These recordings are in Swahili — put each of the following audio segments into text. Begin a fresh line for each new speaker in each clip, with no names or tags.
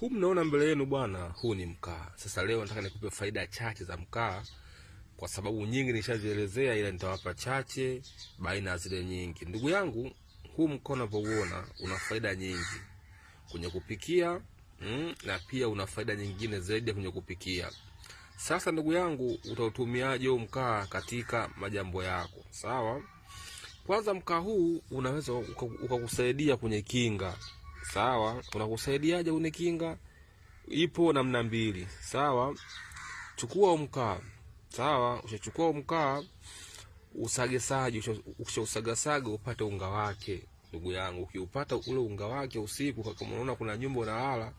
Huu mnaona mbele yenu bwana, huu ni mkaa. Sasa leo nataka nikupe faida chache za mkaa, kwa sababu nyingi nishazielezea, ila nitawapa chache baina ya zile nyingi. Ndugu yangu, huu mkaa unavyouona una faida nyingi kwenye kupikia mm, na pia una faida nyingine zaidi ya kwenye kupikia. Sasa ndugu yangu, utautumiaje huu mkaa katika majambo yako? Sawa, kwanza mkaa huu unaweza ukakusaidia kwenye kinga sawa. Unakusaidiaje unikinga? Ipo namna mbili, sawa. Chukua mkaa, sawa. Ushachukua mkaa, usagasaje? ushausagasaga upate unga wake, ndugu yangu. Ukiupata ule unga wake usiku, kama unaona kuna nyumba unalala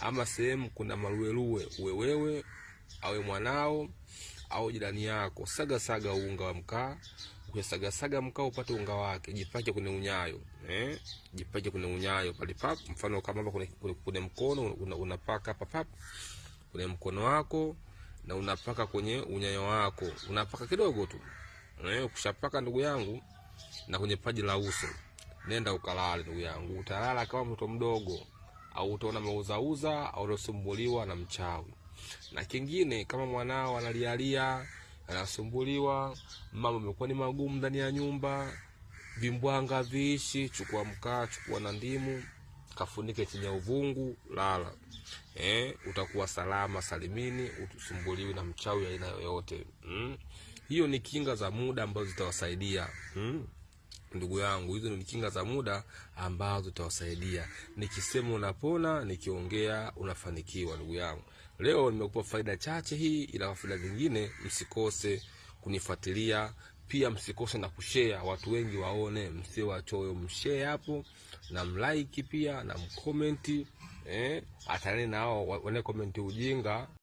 ama sehemu kuna maluelue uwewewe wewe awe mwanao au jirani yako, saga saga unga wa mkaa. Ukisaga saga mkaa upate unga wake, jipake kwenye unyayo eh, jipake kwenye unyayo pale pap. Mfano kama hapa kuna kuna mkono unapaka hapa pap, kuna mkono wako na unapaka kwenye unyayo wako, unapaka kidogo tu eh. Ukishapaka ndugu yangu, na kwenye paji la uso, nenda ukalale ndugu yangu, utalala kama mtoto mdogo, au utaona mauzauza au usumbuliwa na mchawi. Na kingine kama mwanao analialia, anasumbuliwa, mambo yamekuwa ni magumu ndani ya nyumba, vimbwanga viishi, chukua mkaa, chukua na ndimu, kafunike chini ya uvungu, lala. Eh, utakuwa salama salimini, usumbuliwi na mchawi aina yoyote. Hmm? Hiyo ni kinga za muda ambazo zitawasaidia. Hmm? ndugu yangu, hizo ni kinga za muda ambazo zitawasaidia. Nikisema unapona, nikiongea unafanikiwa. Ndugu yangu, leo nimekupa faida chache hii, ila faida zingine msikose kunifuatilia pia msikose na kushare, watu wengi waone, msie wachoyo, mshare hapo na mlike pia na mkomenti eh, atanene nao wane komenti ujinga.